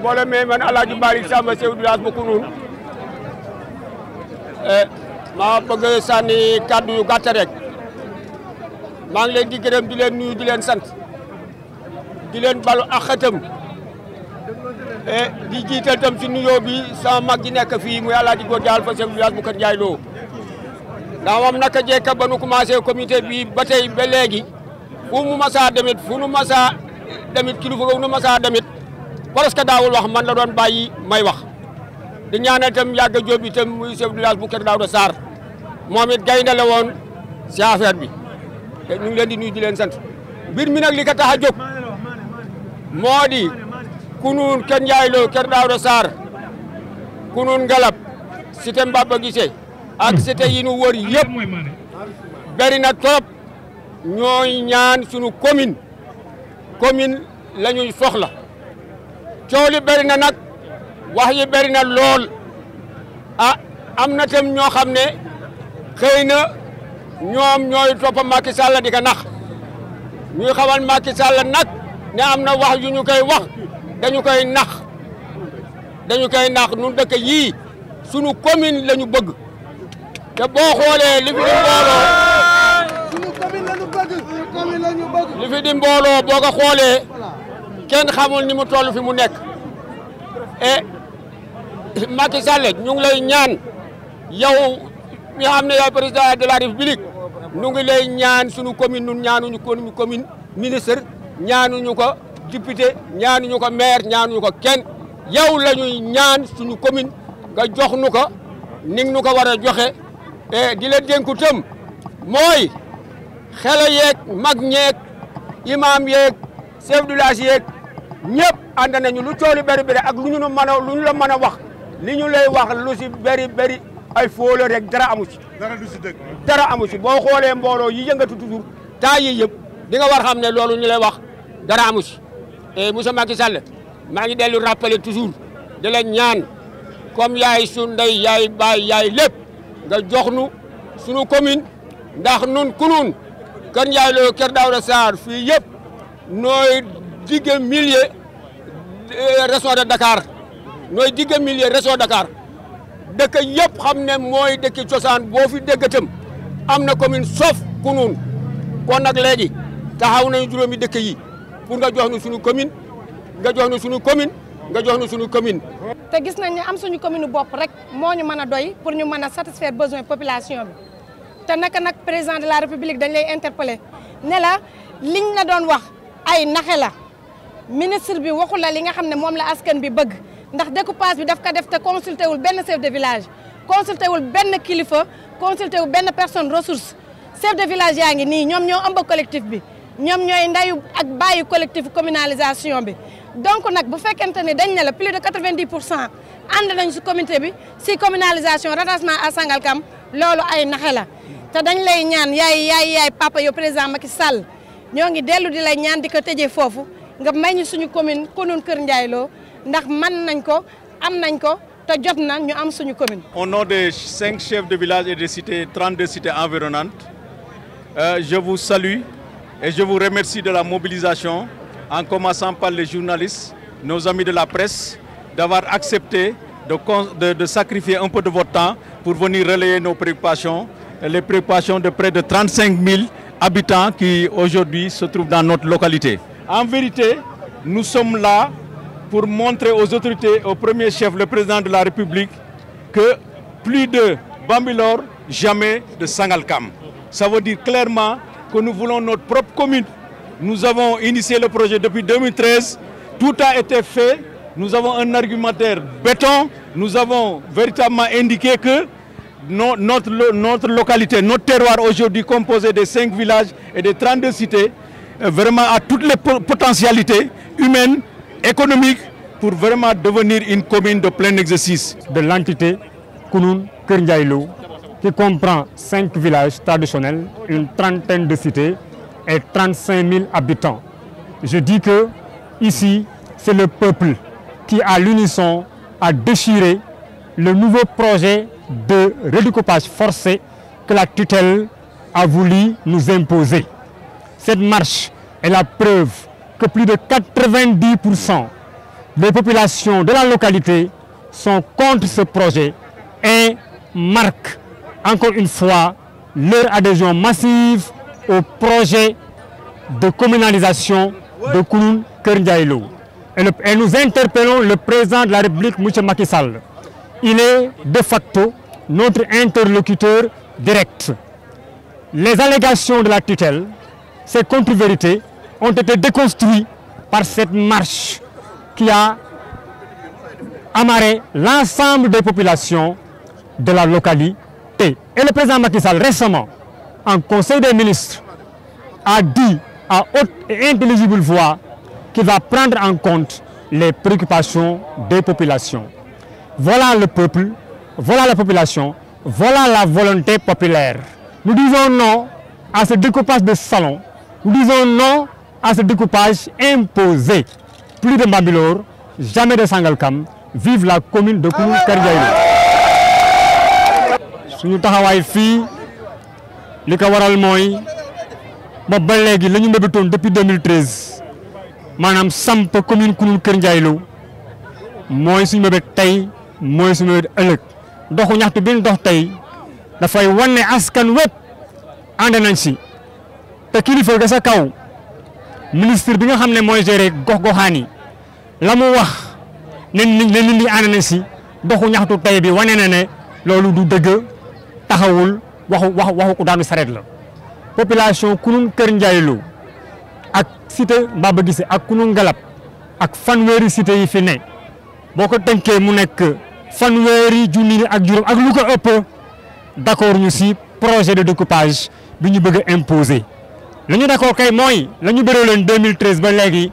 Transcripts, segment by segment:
mboolem me man Alaaji Malick Samba chef du village bu Kounoune eh, maa bëgg sànni kàddu yu gàtt rek maa ngi leen di gërëm di leen nuyu di leen sant di leen balu ak itam eh, di jiital tam si nuyoo bi sama mag ji nekk fii muy Alaaji Góor Jaal fa chef du village bu Kër Njaay Loo ndax moom naka jekka ba nu commencé comité bi ba tey ba léegi fu mu masaa demit fu nu masaa demit kilifa fu nu masaa demit parce que daawul wax man la doon bàyyi may wax di ñaanal itam yàgg Jóob itam muy chef du village bu Kër Daouda Sarr moom it gaynde la woon si affaire bi te ñu ngi leen di nuyu di leen sant mbir mi nag li ko tax a jóg moo di kunuun Kër Ndiaye Lo Kër Daouda Sarr kunuun Ngalab cité Mbaba Guissé ak cité yi nu wër yëpp bari na trop ñooy ñaan sunu commune commune la ñuy soxla coow li bëri na nag wax yi bëri na lool ah am na tam ñoo xam ne xëy na ñoom ñooy toppa Macky Sall di ko nax ñuy xamal Macky Sall nag ne am na wax yu ñu koy wax dañu koy nax dañu koy nax nun dëkk yii sunu commune la ñu bëgg te boo xoolee li di mbooloo sunu commune la bëgg li di mbooloo boo ko xoolee كان خامل نيمو تولو في مو نيك اي ماكي سال نيغ لاي نيان ياو مي خامني ياي بريزيدان دي لا ريبليك نوغي لاي نيان سونو كومين نون نيانو نيو كومين كومين مينيستر نيانو نيوكو ديبوتي نيانو نيوكو مير نيانو نيوكو كين ياو لا نيو نيان سونو كومين غا جوخ نوكو نين نوكو ورا جوخي اي دي لا دينكو تيم موي خلا ييك ماغ ييك امام ييك chef du lage ñépp ñëpp ànd ñu lu cooli bëri bëri ak lu ñu la mën a lu ñu la mën a wax li ñu lay wax lu si bëri bëri ay fóole rek dara amu ci. dara du amu si boo xoolee mbooloo yi yëngatu toujours temps yii yëpp di nga war xam ne loolu ñu lay wax dara amu ci et eh, monsieur Macky maa ngi dellu rappeler toujours di la ñaan comme yaay su ndey yaay baay yaay lépp nga jox nu sunu commune ndax nun kunun kër Ndiaye Lo kër Daouda Sarr fii yëpp nooy digue milieu euh, réseau de Dakar noy digue digg réseau de Dakar dëkk yëpp xam moy mooy dëkki bo fi déggatam amna commune sauf Kounoune kon nag léegi taxaw nañu juroomi dëkk yi pour nga jox ñu suñu commune nga jox ñu suñu commune nga jox ñu suñu commune. te gis nañ ne am suñu commune bop rek moñu ñu doy pour ñu mën satisfaire besoin population bi te naka nak président de la république dañ lay interpeller né la liñ la doon wax ay naxe la ministre bi waxul la li nga xamné mom la askan bi bëgg ndax découpage bi daf ka def té consulté wul ben chef de village consulté wul ben kilifa consulté wul ben personne ressource chef de village yaangi ni ñom ñoom ñoo ëmb collectif bi ñom ñoy ndayu ak bàyyi collectif communalisation bi donc nak bu fekkente ni dañ ne la plus de 90 and nañ si comité bi si communalisation rattachement à Sangalkam lolu ay naxe la te dañ lay ñaan yaay yaay yaay papa yo président Macky Sall ñoo ngi dellu di lay ñaan di ko tëjee foofu nga commune ndax ko am ko commune. Au nom des cinq chefs de village et des cités 32 cités environnantes euh, je vous salue et je vous remercie de la mobilisation en commençant par les journalistes nos amis de la presse d'avoir accepté de, de, de sacrifier un peu de votre temps pour venir relayer nos préoccupations les préoccupations de près de 35 000 habitants qui aujourd'hui se trouvent dans notre localité. En vérité, nous sommes là pour montrer aux autorités, au premier chef, le président de la République, que plus de Bambilor, jamais de Sangalkam. Ça veut dire clairement que nous voulons notre propre commune. Nous avons initié le projet depuis 2013. Tout a été fait. Nous avons un argumentaire béton. Nous avons véritablement indiqué que notre, notre localité, notre terroir aujourd'hui composé de 5 villages et de 32 cités, euh, vraiment à toutes les potentialités humaines, économiques, pour vraiment devenir une commune de plein exercice. De l'entité Kounoun Kerndjaïlo, qui comprend cinq villages traditionnels, une trentaine de cités et 35 000 habitants. Je dis que ici, c'est le peuple qui, à l'unisson, a déchiré le nouveau projet de redécoupage forcé que la tutelle a voulu nous imposer. Cette marche est la preuve que plus de 90% des populations de la localité sont contre ce projet et marquent encore une fois leur adhésion massive au projet de communalisation de Kouroun Kerndjaïlo. Et, nous interpellons le président de la République, M. Macky Il est de facto notre interlocuteur direct. Les allégations de la tutelle ces contre-vérités ont été déconstruites par cette marche qui a amarré l'ensemble des populations de la localité. Et le président Macky Sall, récemment, en Conseil des ministres, a dit à haute et intelligible voix qu'il va prendre en compte les préoccupations des populations. Voilà le peuple, voilà la population, voilà la volonté populaire. Nous disons non à ce découpage de salons nous disons non à ce découpage imposé. Plus de Mabilor, jamais de Sangalkam. Vive la commune de Koumou Kerdiaï. Nous avons fi li ko waral mooy boobu ba léegi la ñu depuis 2013 maanaam samp commune Koungheul Kër Ndiaye Lo mooy suñu mébét tey mooy suñu mébét ëllëg doxu ñaxtu bi ñu dox tey dafay wane askan wépp ànd nañ te kilifa ga sa kaw ministre bi nga xamne moy mooy gérer gox-goxaan yi wax ne ne ni ñi na si doxu ñaxtu tay bi wane na ne lolu du dëgg taxawul waxu waxu waxu ku daanu saret la population kunun kër njaaylu ak cité mbaba gise ak kunun galap ak fanweeri cité yi fi ne boko tanké mu nekk fanweeri junni ak juroom ak lu ko ëpp d'accord ñu si projet de découpage bi ñu bëgg imposer lañu nako kay moy lañu ñu 2013 ba légui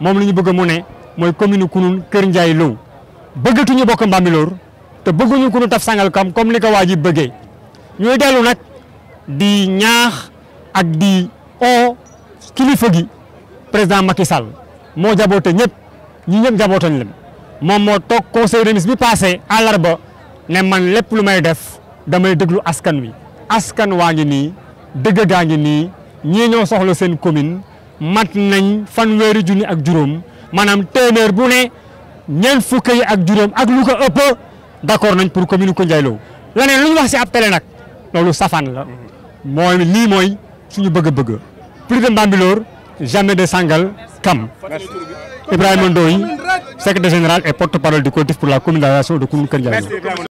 mom lañu bëgg mu né moy commune kunun Kër Ndiaye Lo bëggatuñu bokk mbamilor té bëgguñu ku ñu taf kam comme liko waji bëggé ñuy di ñaax ak di o, kilifa gi président Macky Sall mo jaboté ñëpp ñi ñëpp jabotañ leen mom mo tok conseil remise bi passé l'arba né man lepp lu may def damay déglu askan wi askan waangi ni dëgg ñii ñoo soxla seen commune mat nañ fan fanweeri junni ak juróom maanaam téeméer bu ne ñeent fukk yi ak juróom ak lu ko ëpp d'accord nañ pour commune ko Ndiaye Lo leneen lu ñu wax si ab télé nag loolu safaan la mooy lii mooy suñu bëgg-bëgg plus de Bambilor jamais de Sangal Kam Ibrahima Ndoye général et porte-parole du collectif pour la communalisation de commune Kër Ndiaye Lo